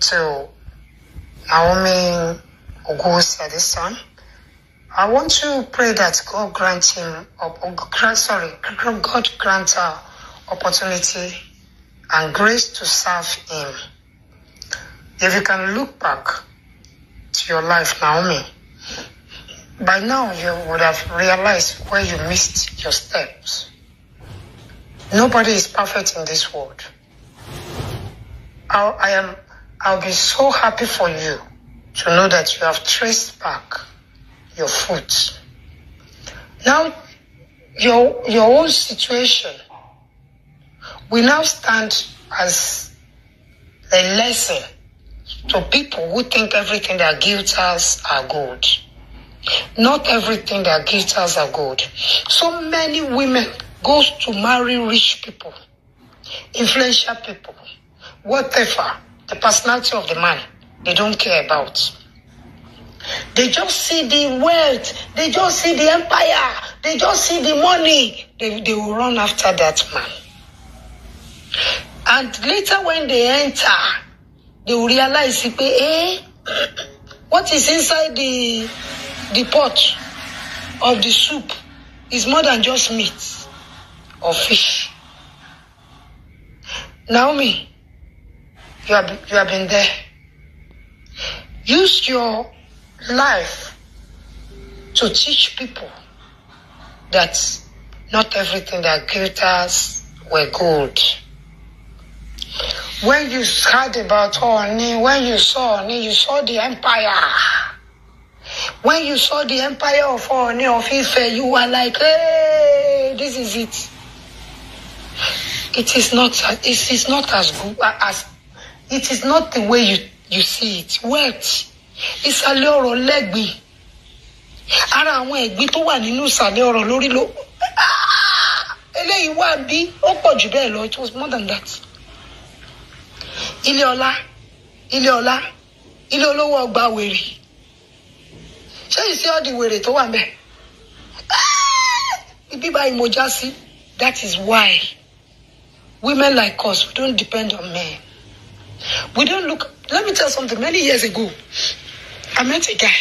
to Naomi Ogusa, this son. I want to pray that God grant him, sorry, God grant her opportunity and grace to serve him. If you can look back to your life, Naomi, by now you would have realized where you missed your steps. Nobody is perfect in this world. I am I'll be so happy for you to know that you have traced back your foot. Now, your, your own situation will now stand as a lesson to people who think everything that gives us are good. Not everything that gives us are good. So many women goes to marry rich people, influential people, whatever the personality of the man they don't care about. They just see the wealth, they just see the empire, they just see the money. They, they will run after that man. And later when they enter, they will realize pé eh, what is inside the the pot of the soup is more than just meat or fish. Naomi, you have, you have been there. Use your life to teach people that not everything that glitters were gold. When you heard about Oni, when you saw Oni, you saw the empire. When you saw the empire of Oni of Ife, you were like, hey, this is it. It is not, it is not as good as it is not the way you, you see it wealth ìsàlẹ̀ ọ̀rọ̀ lẹ́gbìn ara àwọn ẹ̀gbin tó wà nínú ìsàlẹ̀ ọ̀rọ̀ lórí ló ah! eléyìí wà bí ó pọ̀ jù bẹ́ẹ̀ lọ it was more than that ilé ọlá ilé ọlá ilé olówó ọgbà wèrè ṣé ìsí ọ̀dì wèrè tó wà mẹ́ ah! ibi báyìí mo já sí that is why women like us we don't depend on men. We don't look. Let me tell something. Many years ago, I met a guy.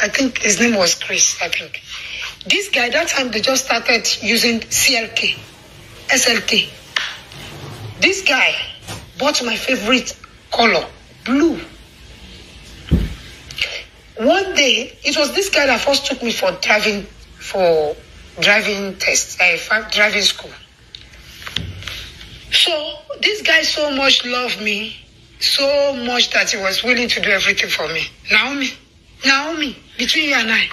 I think his name was Chris. I think this guy. That time they just started using CLK, SLK. This guy bought my favorite color, blue. One day, it was this guy that first took me for driving for driving test, uh, driving school. So this guy so much loved me, so much that he was willing to do everything for me. Naomi, Naomi, between you and I,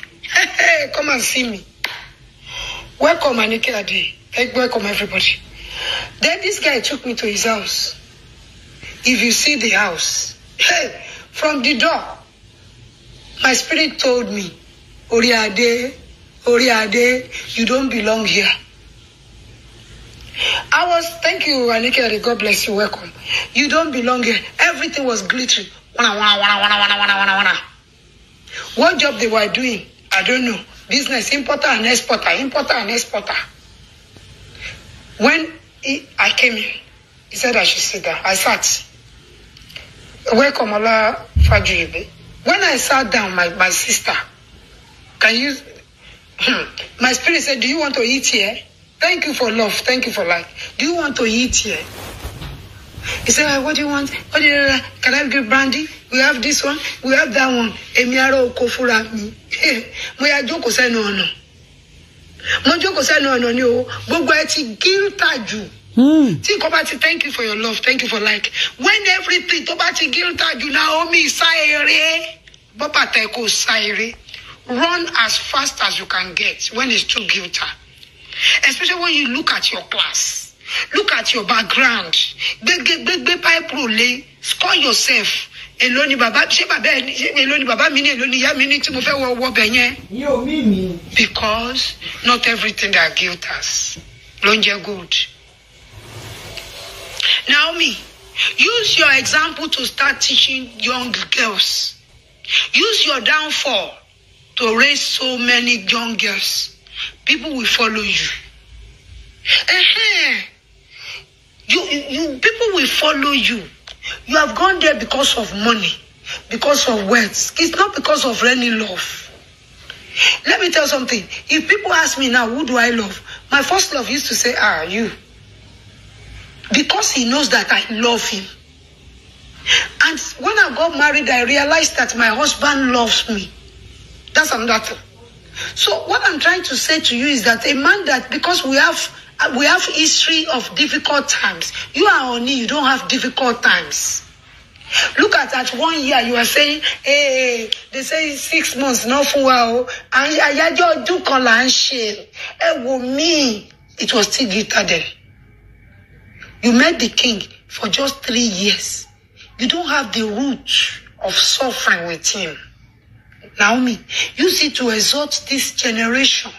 come and see me. Welcome, Anikela Day. Like, welcome, everybody. Then this guy took me to his house. If you see the house, hey, from the door, my spirit told me, Oriade, Oriade, you don't belong here. I was, thank you, Alikere. God bless you. Welcome. You don't belong here. Everything was glittering. Wana, wana, wana, wana, wana, wana, wana, wana. What job they were doing, I don't know. Business, importer and exporter, importer and exporter. When he, I came in, he said I should sit down. I sat. Welcome, Allah Fajribe. When I sat down, my, my sister, can you, my spirit said, do you want to eat here? Thank you for love. Thank you for life. Do you want to eat here? He said, What do you want? What do you, want? can I get brandy? We have this one. We have that one. Emiaro Kofura. We are said, No, no. Mo Joko said, No, no, no. Gbogbo ẹ ti gíríta jù. Hmm. Tí kò bá ti thank you for your love, thank you for like. When everything tó bá ti gíríta jù, Naomi sá eré. Bọ́pàtà ẹ̀ kò Run as fast as you can get when it's too guilty. especially when you look at your class look at your background gbégbégbé pipe roll lé score yourself èló ni bàbá ṣé bàbá ẹni èló ni bàbá mi ní èló ni ìyá mi ní tí mo fẹ́ wọ ọwọ́ bẹ̀ yẹn. yóò mí mi. because not everything that guilt us ló ń jẹ gold. Naomi, use your example to start teaching young girls. Use your downfall to raise so many young girls. people will follow you. Uh-huh. You, you, people will follow you. You have gone there because of money, because of words. It's not because of any love. Let me tell something. If people ask me now, who do I love? My first love used to say, ah, you. Because he knows that I love him. And when I got married, I realized that my husband loves me. That's another thing. So what I'm trying to say to you is that a man that because we have we have history of difficult times. You are only you don't have difficult times. Look at that one year you are saying, hey, they say six months náà for wa and I ọdún kan là ń ṣe, ẹ with me it was still greater There, You met the king for just three years. You don't have the root of suffering with him. Naomi, use it to exhort this generation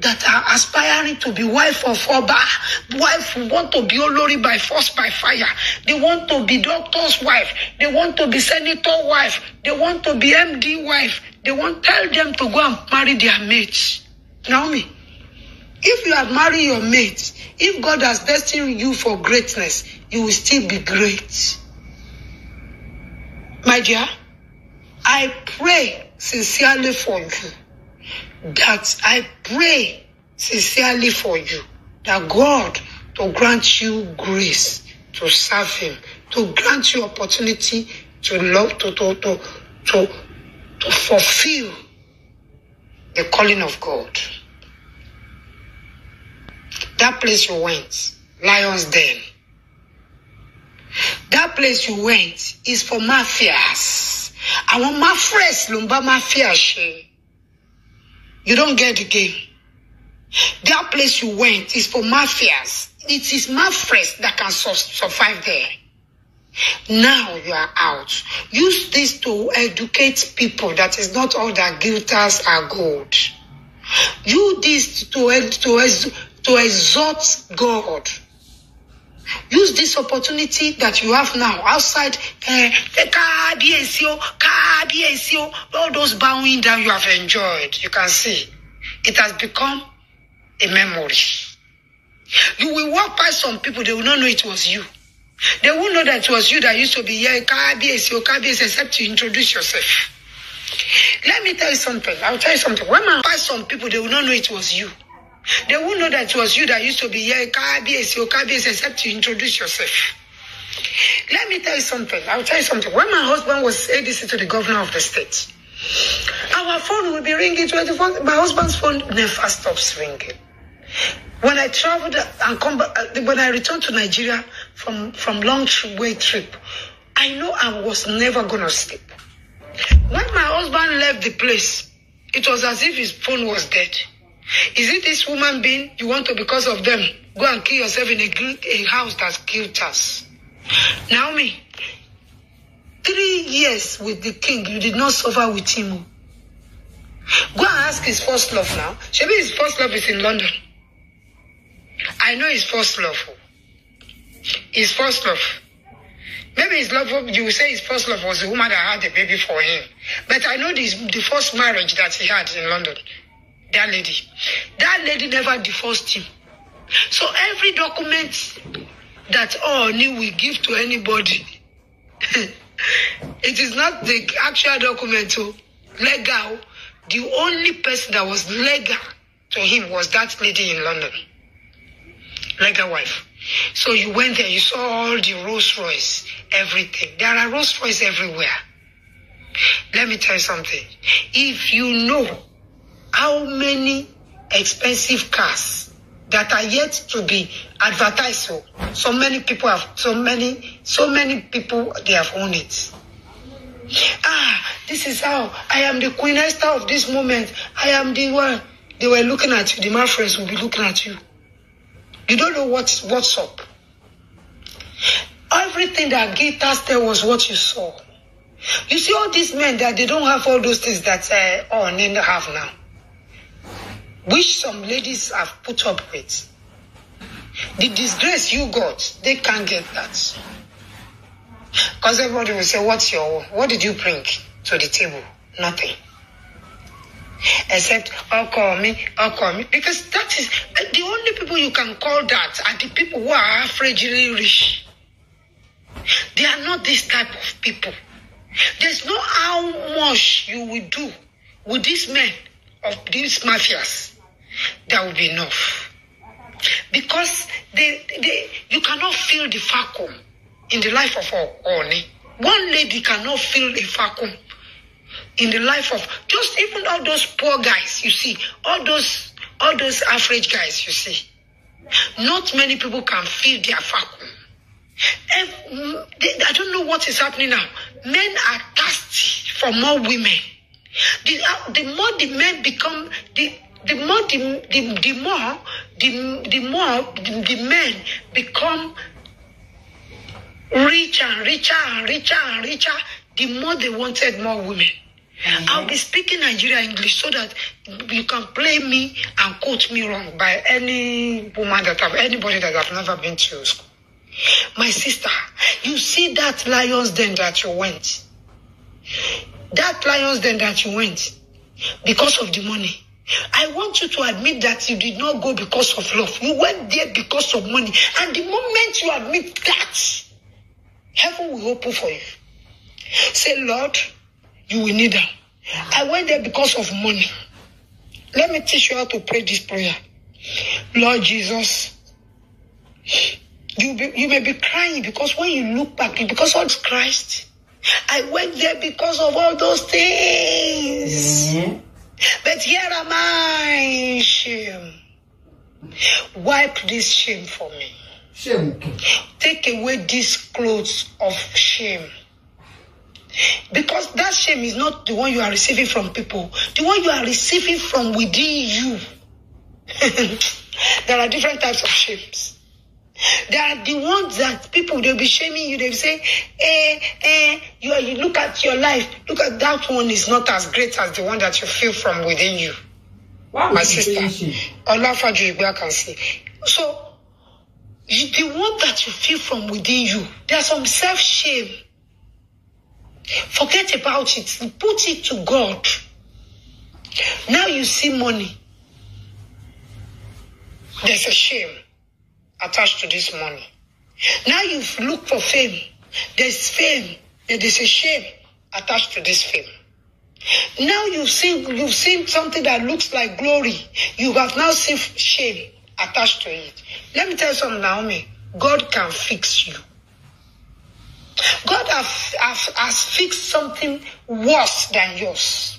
that are aspiring to be wife of Oba, wife who want to be Olori by force, by fire. They want to be doctor's wife. They want to be senator wife. They want to be MD wife. They want tell them to go and marry their mates. Naomi, if you have married your mates, if God has destined you for greatness, you will still be great. My dear, I pray sincerely for you. That I pray sincerely for you. That God to grant you grace to serve Him, to grant you opportunity to love, to, to, to, to, to fulfill the calling of God. That place you went, Lion's Den. That place you went is for mafias. àwọn mafres ló ń bá mafia ṣe you don't get the game that place you went is for mafias it is mafres that can survive there now you are out use this to educate people that is not all that guilters are gold use this to to to exalt God. Use this opportunity that you have now outside. Uh, eh, eh, KBSO, KBSO, all those bowing down you have enjoyed. You can see it has become a memory. You will walk by some people, they will not know it was you. They will know that it was you that used to be here, KBSO, KBSO, except you introduce yourself. Let me tell you something. I'll tell you something. When I pass some people, they will not know it was you. They won't know that it was you that used to be here, KBS, or KBS, except you introduce yourself. Let me tell you something. I'll tell you something. When my husband was ADC to the governor of the state, our phone will be ringing 24. My husband's phone never stops ringing. When I traveled and come back, uh, when I returned to Nigeria from, from long way trip, I know I was never going to sleep. When my husband left the place, it was as if his phone was dead. Is it this woman being you want to, because of them, go and kill yourself in a, a house that's killed us? Naomi, three years with the king, you did not suffer with him. Go and ask his first love now. Maybe his first love is in London. I know his first love. His first love. Maybe his love, you say his first love was the woman that had the baby for him. But I know this, the first marriage that he had in London that lady. That lady never divorced him. So every document that Oni oh, will give to anybody, it is not the actual document, oh, legal. The only person that was legal to him was that lady in London, legal wife. So you went there, you saw all the Rolls Royce, everything. There are Rolls Royce everywhere. Let me tell you something. If you know how many expensive cars that are yet to be advertised so so many people have so many so many people they have owned it ah this is how i am the queen esther of this moment i am the one they were looking at you the my friends will be looking at you you don't know what's what's up everything that us there was what you saw you see all these men that they don't have all those things that uh, on in have now which some ladies have put up with. The disgrace you got, they can't get that. Because everybody will say, What's your what did you bring to the table? Nothing. Except, oh, call me, oh, call me. Because that is the only people you can call that are the people who are fragilely rich. They are not this type of people. There's no how much you will do with these men of these mafias. That will be enough. Because they, they, you cannot fill the vacuum in the life of Oni. One lady cannot fill a vacuum in the life of just even all those poor guys, you see, all those all those average guys, you see. Not many people can fill their vacuum. And they, I don't know what is happening now. Men are thirsty for more women. The, uh, the more the men become, the, the more the, the, the more the, the more the, the men become richer and richer and richer and richer, the more they wanted more women. Mm-hmm. I'll be speaking Nigeria English so that you can play me and quote me wrong by any woman that have anybody that I've never been to school. My sister, you see that lion's den that you went. That lion's den that you went because of the money. I want you to admit that you did not go because of love. You went there because of money. And the moment you admit that, heaven will open for you. Say, Lord, you will need her. I went there because of money. Let me teach you how to pray this prayer. Lord Jesus, you, be, you may be crying because when you look back, because of Christ, I went there because of all those things. Mm-hmm. But here am I shame. Wipe this shame for me. Shame. Take away these clothes of shame. Because that shame is not the one you are receiving from people, the one you are receiving from within you. there are different types of shames. That the ones that people they'll be shaming you, they'll say, eh, eh, you, you look at your life, look at that one is not as great as the one that you feel from within you. Wow, my sister. you Igba can see. So you, the one that you feel from within you, there's some self-shame. Forget about it. Put it to God. Now you see money. There's a shame attached to this money. Now you've looked for fame. There's fame. There is a shame attached to this fame. Now you've seen, you've seen something that looks like glory. You have now seen shame attached to it. Let me tell you something, Naomi. God can fix you. God has, has, has fixed something worse than yours.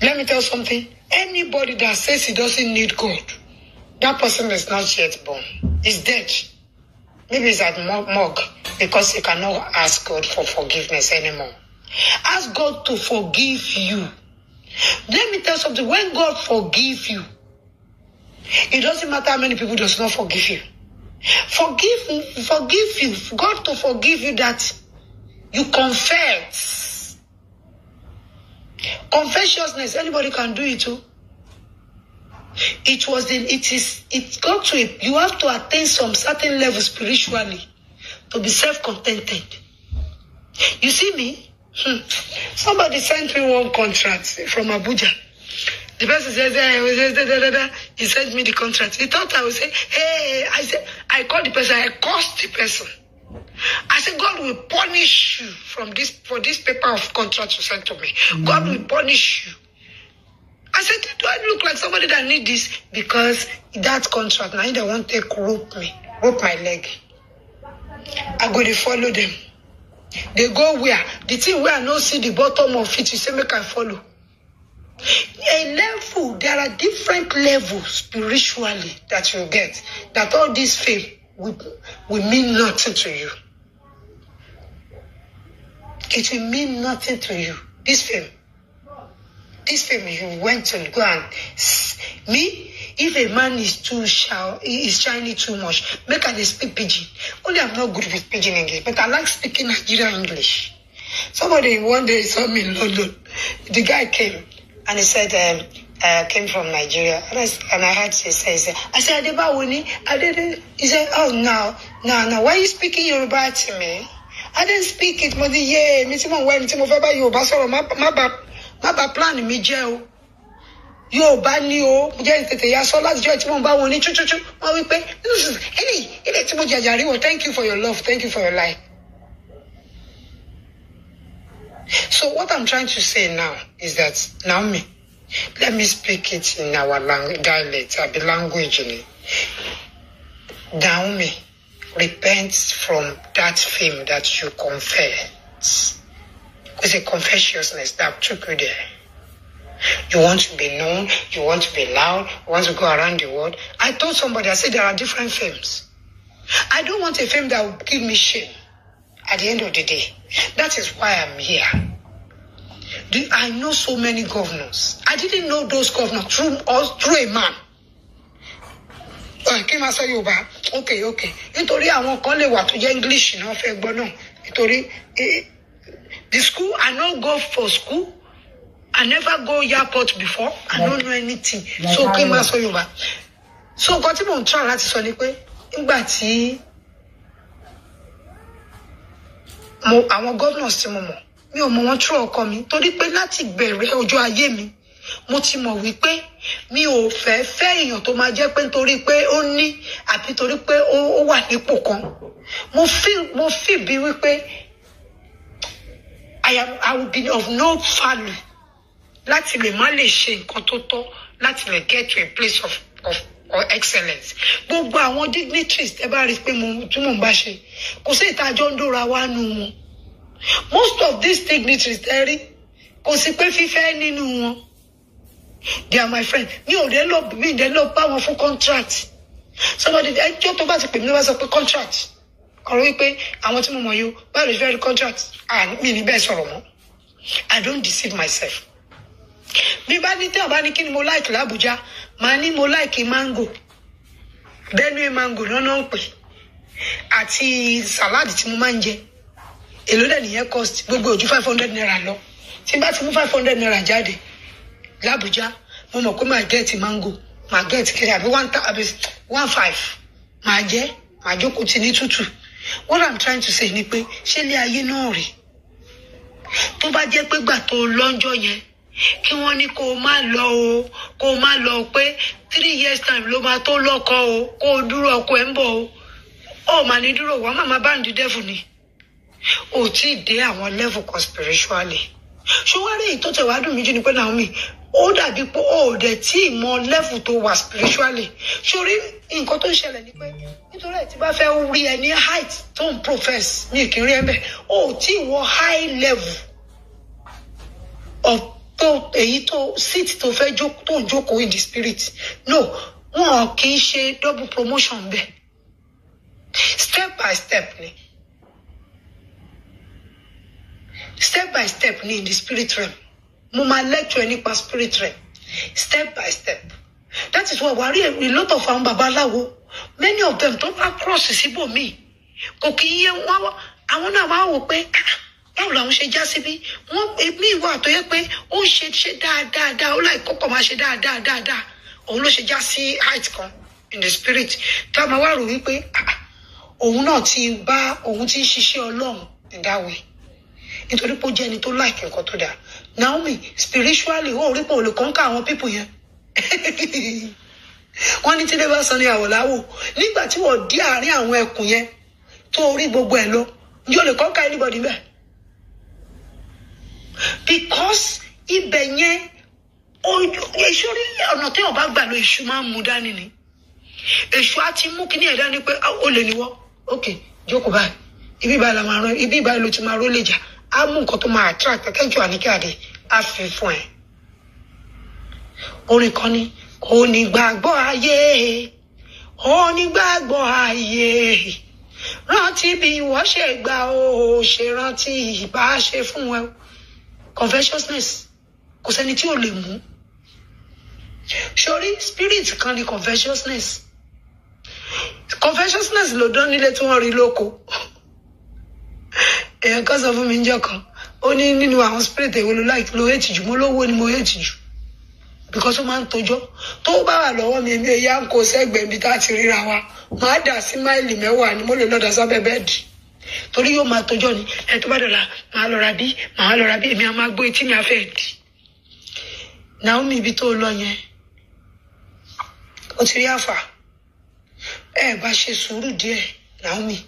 Let me tell you something. Anybody that says he doesn't need God, that person is not yet born. He's dead. Maybe he's at mug because he cannot ask God for forgiveness anymore. Ask God to forgive you. Let me tell something. When God forgive you, it doesn't matter how many people does not forgive you. Forgive, forgive you. God to forgive you that you confess. Confessiousness, anybody can do it too. It was in, it is, it got to it. you have to attain some certain level spiritually to be self-contented. You see me? Hmm. Somebody sent me one contract from Abuja. The person says, hey, eh, da, da, da, he sent me the contract. He thought I would say, hey, I said, I called the person, I cursed the person. I said, God will punish you from this for this paper of contract you sent to me. God mm. will punish you. I said, Do I look like somebody that need this? Because that contract, now they won't take rope me, rope my leg. I go to follow them. They go where? The thing where I don't see the bottom of it, you say, make I follow. A level, there are different levels spiritually that you get, that all this fame will, will mean nothing to you. It will mean nothing to you, this fame. this family you went to go and me if a man is too shy is shiny too much make i speak pidgin only i'm not good with pidgin english but i like speaking nigerian english somebody one day saw me in london the guy came and he said um, uh, came from Nigeria. And I, and I had to say, say I said, I didn't. He said, oh, no, no, no. Why are you speaking Yoruba to me? I didn't speak it, Modi, yeah. Me, Timon, why, me, Timon, Yoruba, sorrow, my, my, má bà plan mi jẹ́ o yóò bá ní o jẹ́ tètè ya sọ láti jọ́ tí wọ́n bá wọn ní tútútú wọ́n wí pé ẹni ilé tí mo jàjà rí wọ thank you for your love thank you for your life. So what I'm trying to say now is that Naomi, let me speak it in our lang- dialect, abi language. Naomi, repent from that fame that you confess. It's a confessiousness that took you there. You want to be known, you want to be loud, you want to go around the world. I told somebody, I said, there are different films. I don't want a film that will give me shame at the end of the day. That is why I'm here. I know so many governors. I didn't know those governors through, through a man. kí máa sọ yorùbá okay okay nítorí àwọn kan lè wà tó jẹ́ english náà fẹ́ gbọ́ náà nítorí eh, the school i no go for school i never go airport before i no know anything so kí n máa sọ yorùbá so nǹkan tí mò ń try láti sọ ni pé nígbà tí mo àwọn governors tí mo mọ̀ mi ò mọ̀ wọ́n through ọkọ mi torí pé láti bẹ̀rẹ̀ ọjọ́ ayé mi mo ti mọ̀ wípé mi ò fẹ́ fẹ́ èèyàn tó máa jẹ́ pé nítorí pé ó ní àbí torí pé ó wà nípò kan mo fi mo fi bí wípé I, am, I will be of no value láti lè má lè ṣe nǹkan tó tọ́ láti lè get to a place of, of or excellence. gbogbo àwọn dignitaries ẹ bá rí i pé tí mò ń bá ṣe kò sí ìtajọ́ ń dóra wá nu wọn most of these dignitaries ẹ rí kò sí pé fífẹ́ nínú wọn they are my friend mi ò dé lọ mi ò dé lọ bá wọn fún contract somebody ẹjọ́ tó bá ti pè mí ló bá sọ pé contract ọ̀rọ̀ wípé àwọn tí mo mọ̀ yìí báwo lè contract mi ní bẹ́ẹ̀ sọ̀rọ̀ mọ́ i don't deceive myself bí bá ní tí a bá ní kí ni mo like làbújá màá ní mo like mango benue mango lọ́nà ń pè àti sàláàdì tí mo máa ń jẹ èló dẹ̀ nìyẹn cost gbogbo ojú five hundred naira lọ tí n bá ti mú five hundred naira jáde làbújá mo mọ̀ pé màá gẹ̀ẹ́tì mango màá gẹ̀ẹ́tì kiri àbí one five màá jẹ́ màá jókòó ti ní tútù what i'm trying to say ni pé ṣé ilé ayé náà rè tó bá jẹ́ pé gbà tó lọ́njọ́ yẹn kí wọ́n ní kó o má lọ o kó o má lọ pé three years time ló máa tó lọ́kọ o kó o dúró ọkọ ẹ̀ ń bọ̀ o ó mà ní dúró wàá màmá bá ń di devil ni ò tí ì dé àwọn level kan spiritually ṣùgbọ́n èyí tó tẹ̀ wá dùn mí jù ni pé Naomi ó dàbí pé ó dẹ̀ tí ì mọ level tó wà spiritually sórí nǹkan tó ń ṣẹlẹ̀ ni pé nítorí ẹ̀ tí bá fẹ́ rí ẹ ní height tó ń profess ní ìkírí ẹ̀ bẹ̀ ó tí ì wọ high level of tó èyí tó sit tó fẹ́ tó ń jókòó in the spirit no wọn kì í ṣe double promotion bẹ́ẹ̀ step by step ni step by step ni in the spirit realm mo máa lecture nípa spirit rẹ̀ step by step that is why wàá rí a lot of àwọn babaláwo many of them tó bá cross síbòmíì kò kì í yẹ wọn àwọn náà máa wò pé ah, báwo làwọn ṣe já síbí wọn èmi ìwà tó yẹ pé ó ń ṣe ṣe dáadáa ó láì kọ́kọ́ máa ṣe dáadáa òun ló ṣe já sí height kan in the spirit tá a máa wá rò wípé ah, òun náà ti bá òun ti ń ṣiṣẹ́ ọlọ́run in that way nítorí pé ó jẹ́ ẹni tó like nǹkan tó dáa Naomi spiritually ó rí pé òun lè kọ́ńkà àwọn pípù yẹn wọ́n ní tílé bá san ní àwòláwò nígbà tí wọ́n dí àárín àwọn ẹkùn yẹn tó rí gbogbo ẹ̀ lọ yóò lè anybody bẹ́ẹ̀ because ibẹ̀ yẹn èṣù rí ọ̀nà tí wọ́n bá gbà lọ èṣù máa ń mu dání ni èṣù á ti mú kíní ẹ̀ dání pé ah, ó lè níwọ́ ok jókòó báyìí ibi báyìí la máa ibi báyìí ló ti máa rólè á mú nǹkan tó máa attract attention Àníkẹ́ Adé á fi fún ẹ. orin kan ní onígbàgbọ́ ayé onígbàgbọ́ ayé rántí bí ìwọ ṣe gbà ó ṣe rántí ìbá ṣe fún ẹ conventionalness kò sẹ́ni tí ò lè mú sórí spirit kan ní conventionalness conventionalness ló dán nílé tí wọ́n rí lóko èèyàn kan sọ fún mi kan ó ní nínú àwọn spirit èwo ló láì lo èètì mo ni mo èètì because ó máa ń tojọ́ tó bá wà lọ́wọ́ mi èmi èyà ń kó sẹ́gbẹ̀ẹ́ ibi tá a ti ríra wa màá dà sí máìlì mẹ́wàá ni mo lè lọ́dà sábẹ́ bẹ́ẹ̀dì torí ni ẹ tó bá dọ̀la lọ bí lọ bí èmi á máa Naomi ibi tó lọ yẹn ó ti rí àfà ẹ bá ṣe Naomi.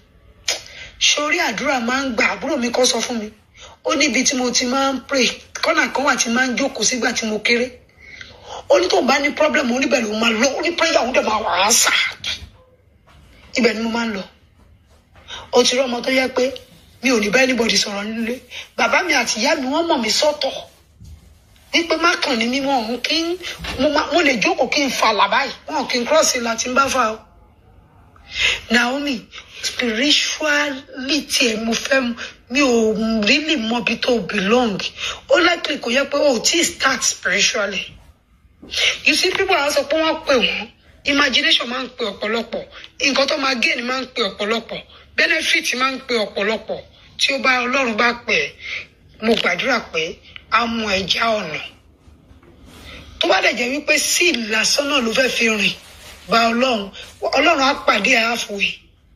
sórí àdúrà máa ń gbà àbúrò mi kọ́ sọ fún mi ó níbi tí mo ti máa ń pray kọ́nà kan wà tí máa ń jókòó sígbà tí mo kéré ó ní tó bá ní problem oníbẹ̀ ló máa lọ ó ní prayer òun dẹ̀ máa wà á sà ibẹ̀ ni mo máa ń lọ ó ti rí ọmọ tó yẹ pé mi ò ní bá anybody sọ̀rọ̀ nílé bàbá mi àti ìyá mi wọ́n mọ̀ mí sọ́tọ̀ wípé má kàn ní mímọ́ ọ̀hún kí n mo lè jókòó kí n fà làbáyé wọn kì í cross ìlà tí n bá fà o Naomi Spiritually, ẹ mo fẹ́ mi ò really mọ ibi tó belong ó likely kò yẹ pé o ti start spiritually you see people are sọ pé wọ́n pè wọ́n imagination máa ń pe ọ̀pọ̀lọpọ̀ nǹkan tó máa gain máa ń pe ọ̀pọ̀lọpọ̀ benefit máa ń pe ọ̀pọ̀lọpọ̀ tí ó bá ọlọ́run bá pè é mo gbàdúrà pé a mú ẹja ọ̀nà tó bá dẹ̀ jẹ́ wípé sí lásán náà ló fẹ́ fi rìn bá ọlọ́run ọlọ́run á pàdé àáfòye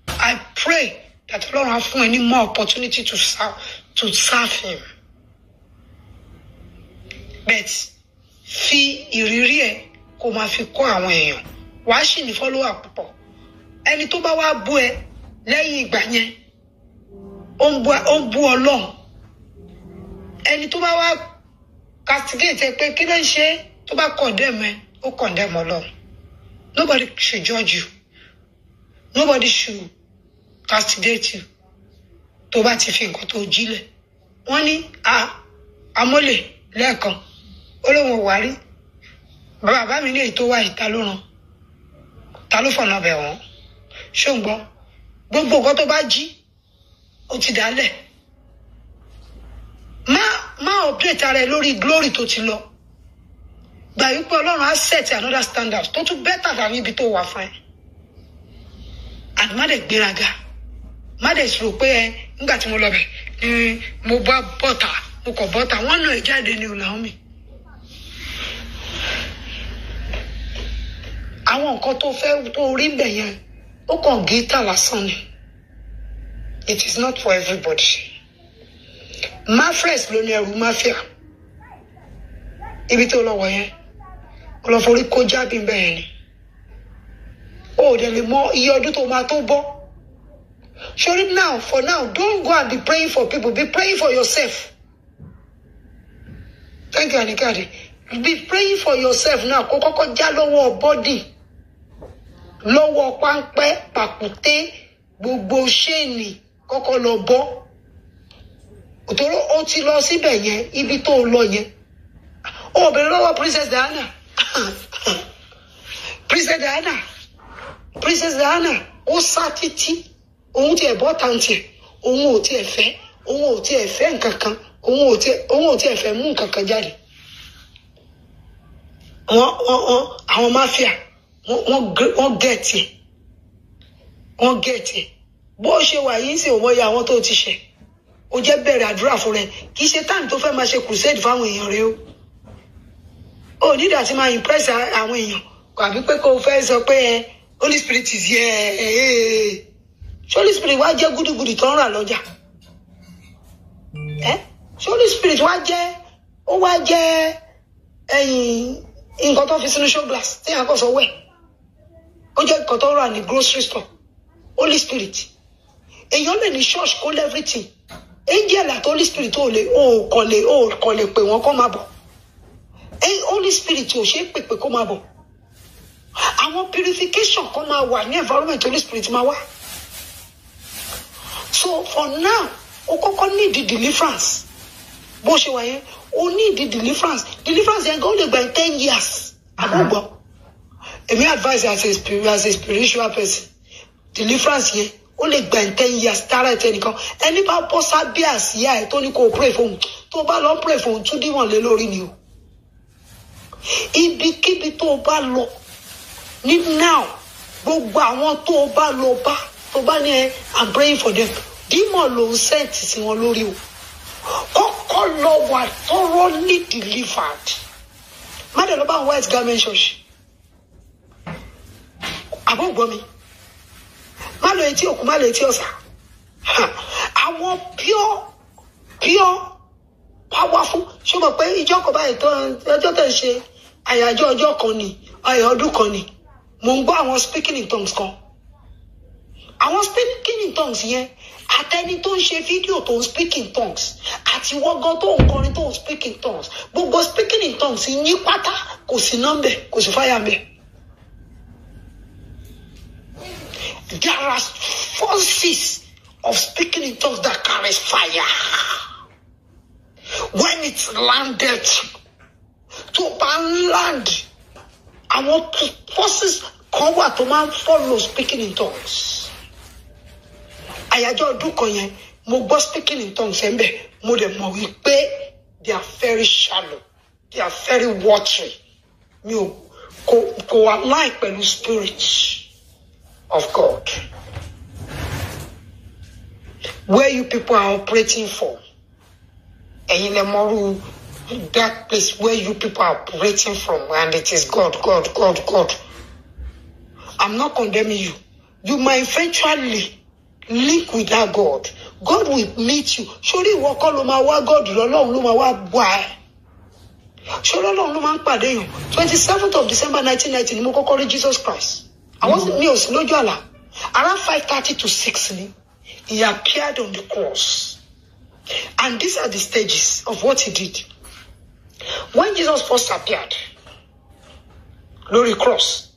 I pray that Lord has fún any more opportunity to serve, to serve him. But fi ìrírí ẹ kó máa fi kọ́ àwọn èèyàn wàá sì ní fọ́lọ́wà púpọ̀ ẹni tó bá wá bú ẹ lẹ́yìn ìgbà yẹn ó ń bú Ọlọ́run ẹni tó bá wá castigate ẹ pé kí ló ń ṣe tó bá condemn ẹ ó condemn Ọlọ́run nobody should judge you nobody should castigate tó bá ti fi nǹkan tó jílẹ̀ wọ́n ní amólè lẹ́ẹ̀kan ó lóun ò wárí bàbá mi ní èyí tó wá ìta ló ràn ta ló fọ̀nà bẹ̀ wọ́n ṣùgbọ́n gbogbo nǹkan tó bá jí ó ti dálẹ̀ má má update ara ẹ lórí glory tó ti lọ gbà wípé ọlọ́run á set another standard tó tún better than níbi tó wà fún ẹ àdìmọ́lẹ̀ gbéraga má dẹ̀ sọ pé ẹ nígbà tí mo lọ bẹ̀ ni mo bá bọ́ta mo kọ̀ bọ́ta wọ́n nà jáde ní Naomi. àwọn nǹkan tó fẹ́ tó rí bẹ̀ yẹn ó kàn gítà lásán ni it is not for everybody. mafres ló ní ẹrù mafia ibi tó lọ wọ̀ yẹn ọlọ́forí kó jábì bẹ́ẹ̀ ni o ò dẹ̀ lè mọ iye ọdún tó máa tó bọ́. Surely now, for now, don't go and be praying for people. Be praying for yourself. Thank you, Anikari. Be praying for yourself now. Kó kọ́kọ́ já lọ́wọ́ bọ́dì, lọ́wọ́ páńpẹ́, pàkúté, gbogbo ṣéènì koko lọ bọ́. Òtòrò ó ti lọ síbẹ̀ yẹn, ibi tó lọ yẹn. Ó bèrè lọ́wọ́ Princess Diana. Princess Diana. Princess Diana. O sá títí òun tiẹ̀ bọ́ tàǹtì òun ò tiẹ̀ fẹ́ òun ò tiẹ̀ fẹ́ nǹkan kan òun ò tiẹ̀ òun ò tiẹ̀ fẹ́ mú nǹkan kan jáde wọ́n wọ́n wọ́n àwọn máfíà wọ́n wọ́n gẹ̀ẹ́tì wọ́n gẹ̀ẹ́tì bó ṣe wà yìí sì wọ́n ya àwọn tó ti ṣẹ̀ ó jẹ́ bẹ̀rẹ̀ àdúrà fún rẹ kì í ṣe táàmì tó fẹ́ máa ṣe crusade fáwọn èèyàn rẹ o ò nídà tí máa impress àwọn èèyàn àbí pé kó o fẹ́ sọ pé holy spirit is here holy spirit wá jẹ́ gúdúgúdú tó ń rà lọ́jà ẹ́ holy spirit wá jẹ́ ó wá jẹ́ ẹ̀yìn nǹkan tó fi sínú show glass tí a kọ̀ sọ́wọ́ ẹ̀ ó jẹ́ nǹkan tó rà ní grocery store holy spirit èèyàn lè ní church call everything angel àti holy spirit ò lè ò kọ̀ lè ò kọ̀ lè pè wọ́n kó máa bọ̀ holy spirit ò ṣe é pèpè kó máa bọ̀ àwọn purification kan máa wà ní environment holy spirit máa wà so for now o kọ́kọ́ need the deliverance bó ṣe wà o need the deliverance deliverance yẹn gan o lè gba in ten years àbúgbọ èmi advice as a as a spiritual person deliverance yẹn o lè gba in ten years tara ẹ̀ tẹnìkan ẹni bá bọ́ sábẹ́ àsíá ẹ̀ tó ní kó o pray fóun tó bá lọ pray fóun tún díwọ̀n lé lórí ni o ibikíbi tó o bá lọ ní now gbogbo àwọn tó o bá lọ bá tó bá ní ẹ i'm praying for them dímọ̀ ló ń sẹ́ǹtì sí wọn lórí o kọ́kọ́ lọ wà thoroughly delivered má dẹ̀ lọ bá white garment church àbọ̀ gbọ́ mi má lọ etí òkú má lọ etí ọ̀sà àwọn pure pure powerful ṣé mo pé ìjọ kan báyìí tó ọjọ́ tẹ̀ ń ṣe àyájọ́ ọjọ́ kan ni ọ̀yọ́ ọdún kan ni mò ń gbọ́ àwọn speaking in tongues kan àwọn speaking in tongues yẹn àtẹni tó ń ṣe fídíò tó ń speak in tongues àti wọ́gán tó ń kọrin tó ń speak in tongues gbogbo speaking in tongues yín pátá kò sí nọ́mbẹ̀ kò sí fáyà mbẹ̀. There are forces of speaking in tongues that carries fire. When it landed, tó bá ń land, àwọn forces kan wà tó máa ń follow speaking in tongues. àyájọ́ ọdún kan yẹn mo gbọ́ speaking in tongues ẹ̀ ń bẹ̀ mo dẹ̀ mọ̀ wípé they are very shallow they are very watery mi ò kò kò the pẹ̀lú spirit of God where you people are operating from ẹ̀yin lẹ mọ̀rú that place where you people are operating from and it is God God God God I'm not condemning you you might eventually link with that God. God will meet you. Surely walk all my wá God lọ́lọ́run ló máa wá wá ẹ̀. Sori ọlọ́run ló pàdé twenty seventh of December nineteen nineteen. ni called Jesus Christ. Àwọn mi ò sí no jala. Around five thirty to six he appeared on the cross. And these are the stages of what he did. When Jesus first appeared, glory cross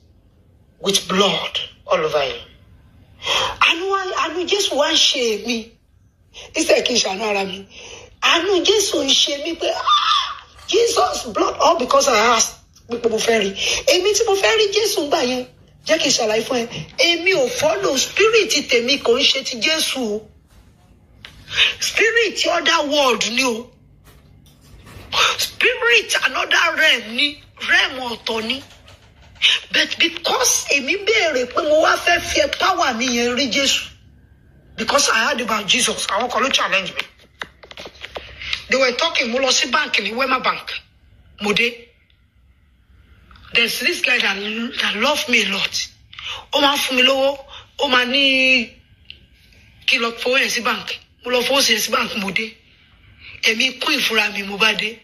with blood all over him. àánú jésù wá ń ṣe èmi ìṣe kì í ṣàánú ara mi àánú jésù ń ṣe mí pé ah, jesus blood all because i asked pípé mo fẹ́ rí èmi tí mo fẹ́ rí jésù gbà yẹn jẹ́ kí n ṣàlàyé fún ẹ èmi ò follow spirit tèmi kò ń ṣe ti jésù o spirit other world ni o spirit another realm ni realm ọ̀tọ̀ ni but because èmi béèrè pé mo wá fẹ́ fi power mi yẹn rí Jésù because I heard about Jesus àwọn kan ló challenge me they were talking mo lọ sí báǹkì ní Wema bank mo dé there's this guy that, that love me a lot ó máa ń fún mi lówó ó máa ní kí n lọ fowó yẹn sí báǹkì mo lọ fowó yẹn sí báǹkì mo dé èmi kún ìfura mi mo bá dé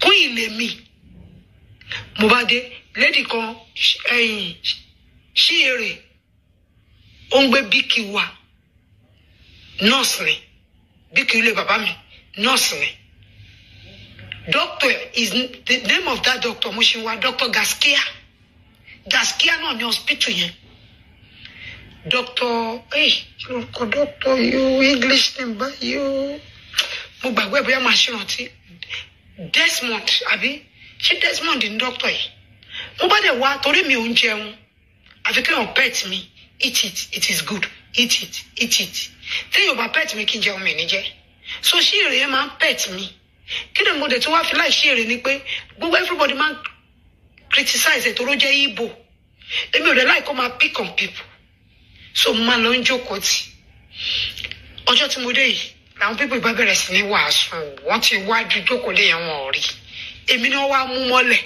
kún ìlè mi mo bá dé lady kan ẹ̀yìn ṣí èrè ó ń gbé bíkì wa nọ́ọ̀sì ni bíkì ilé bàbá mi nọ́ọ̀sì ni doctor is the name of that doctor mo ṣe wa doctor Gaskia Gaskia náà ni hospital yẹn doctor ey eh, lórúkọ doctor yóò english name báyìí ó mo gbàgbé bóyá màá ṣe rántí Desmond àbí ṣé Desmond ni doctor yìí tó bá dẹ̀ wá torí mi ò ń jẹun àfi kéèyàn pet mi eat it it is good eat it eat it téèyàn bá pet mi kí n jẹun mi ní jẹ so ṣí èrè yẹn máa ń pet mi kí ni mo dẹ̀ tó wá fi láì ṣí èrè ni pé gbogbo everybody máa ń criticize ètò ló jẹ́ ibo èmi ò dẹ̀ láì kó máa pick on people so mo máa lọ ń jókòó tì ọjọ́ tí mo dé yìí làwọn pípọ̀ ìbá bẹ̀rẹ̀ sí ní wàásù wọ́n ti wá ju jókòó lé yẹn rí èmi ni wọ́n wá mú mọ́lẹ̀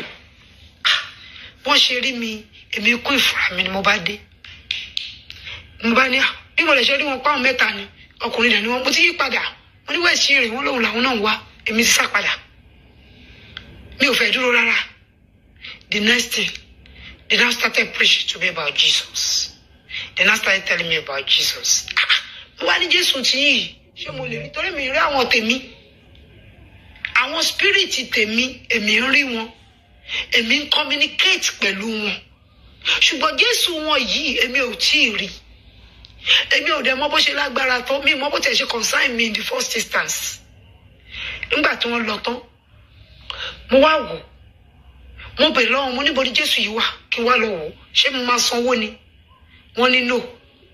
wọ́n ṣe rí mi èmi kó ìfura mi ni mo bá dé mo bá ní ah, bí mo lè ṣe rí wọn pàwọn mẹ́ta ni ọkùnrin dẹ̀ wọn mo ti yí padà mo ní wẹ́ẹ̀sì rìn wọ́n lòun làwọn náà wá èmi ti sá padà mi ò fẹ́ dúró rárá the next thing they now started preaching to me about Jesus they now started telling me about Jesus ah, mo wá ní Jésù tí yìí ṣé mo lè rí torí mi rí àwọn tèmi àwọn spirit tèmi èmi ń rí wọn èmi ń communicate pẹ̀lú wọn ṣùgbọ́n jésù wọn yìí èmi ò tí ì rí èmi ò dẹ̀ mọ̀ bó ṣe lágbára tó mi mọ̀ bó tẹ̀ ṣe consign me in the first instance nígbà tí wọ́n lọ tán mo wá wò mo bèrè lọ́wọ́ mo níbo ni jésù yìí wà kí n wá lọ wò ṣé mo máa sanwó ni wọ́n ní no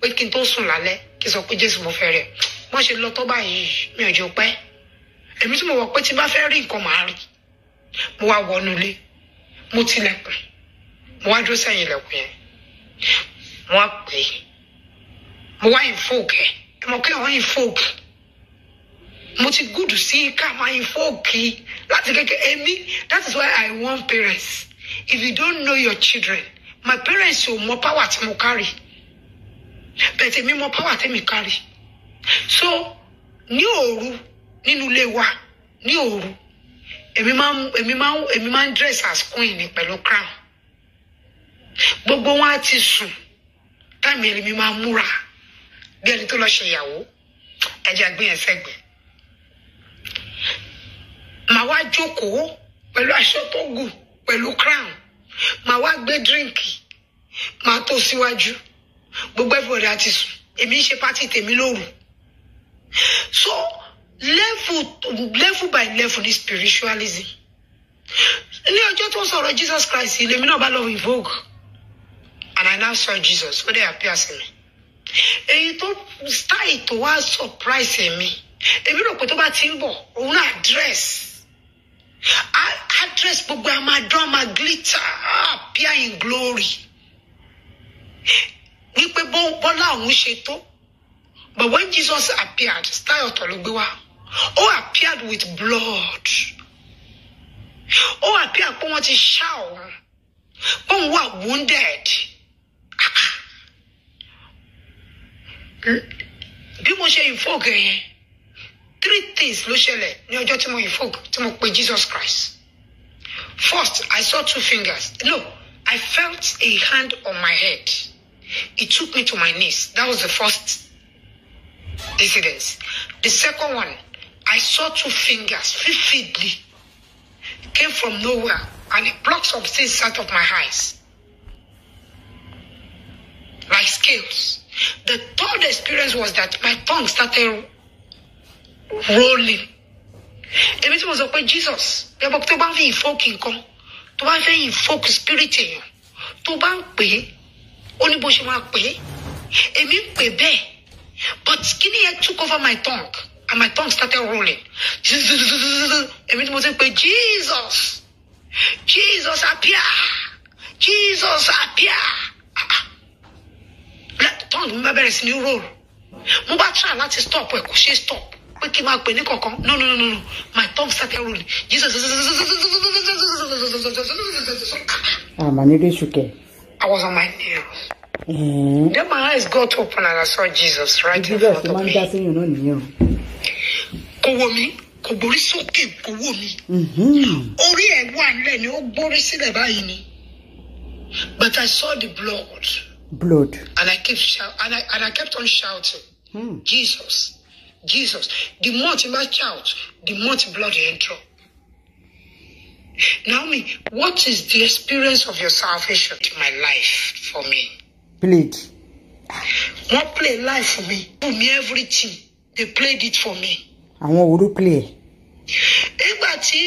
pé kí n tó sùn lálẹ́ kí n sọ pé jésù mo fẹ́ rẹ̀ wọ́n ṣe lọ tọ́ báyìí mi ò jọ pẹ́ èmi tí mo wọ̀ pé tí n bá fẹ́ rí nǹkan màá rí mo wá wọnú ilé mo tilẹ̀kùn mo wá dúró sẹ́yìn ilẹ̀kùn yẹn wọ́n á pè é mo wá ìfóòkè ẹ mọ̀ pé àwọn ìfóòkè mo ti gùdù sí ká máa ìfóòkè láti kékeré èmi that is why I want parents if you don't know your children my parents ò mọ power tí mo carry bẹ̀tẹ̀ èmi mọ power tẹ́mi carry so ní òru nínú ilé wa ní òru èmi máa ń èmi máa ń èmi máa ń dress as queen ni pẹ̀lú crown gbogbo wọn á ti sùn táìmì ẹni mi máa múra bí ẹni tó lọ ṣe ìyàwó ẹjẹ àgbéyàn sẹ́gbẹ̀ẹ́ màá wá jókòó pẹ̀lú aṣọ tó gùn pẹ̀lú crown màá wá gbé díríǹkì màá tó síwájú gbogbo ẹ̀fọ́ rẹ̀ á ti sùn èmi ń ṣe pátì tèmi lóru so. level level by level ní spiritualism ní ọjọ́ tó ń Jesus Christ lèmi náà bá love invoke and I now saw Jesus ó dẹ̀ appear sí mi èyí tó style tó was surprise mi èmi rò pé tó bá ti ń bọ̀ òun náà dress dress gbogbo a máa dán máa glitter appear in glory wípé bọ́lá òun ṣe tó but when Jesus appeared style to ló gbé wá ó appeared with blood ó appeared pé wọ́n ti ṣá òun òun wounded bí mo ṣe ìfògè three things ló ṣẹlẹ̀ ní ọjọ́ tí mo ìfògè tí mo pe Jesus Christ first I saw two fingers no I felt a hand on my head it took me to my knees that was the first incident the second one I saw two fingers vividly came from nowhere and it blocked some things out of my eyes. Like scales. The third experience was that my tongue started rolling. Everything was mo sọ Jesus bí ọmọ tó bá ń fi ìfọ́ọ̀kì nǹkan tó spirit èèyàn tó bá ń pè é ó ní bó ṣe máa pè é èmi ń pè bẹ́ẹ̀ but kí ni yẹn took over my tongue and my tongue started rolling. Èmi tí mo ti Jesus Jesus appear Jesus appear ah, ah. tongue mi bá bẹ̀rẹ̀ sí ní roll mo bá try láti stop ẹ̀ kò ṣe stop pé kí n máa pè ní kankan no no no no my tongue started rolling Jesus Àmàlélé ah, ṣùkẹ́. I was on my nails. Mm. Then my eyes got open and I saw Jesus right in front of me. Jesus máa ń dá sí yìnyín náà nìyẹn o. kò wò mí kò gbórí sókè kò wò mí orí ẹ̀ wà nílẹ̀ ni ó gbórí sílẹ̀ but I saw the blood. Blood. And I kept and I and I kept on shouting. Hmm. Jesus, Jesus. The more tí máa shout, the more tí blood enter. drop. Naomi, what is the experience of your salvation in my life for me? Please. What play life for me? For me everything. they played it for me. àwọn oró play ẹ̀. nígbà tí.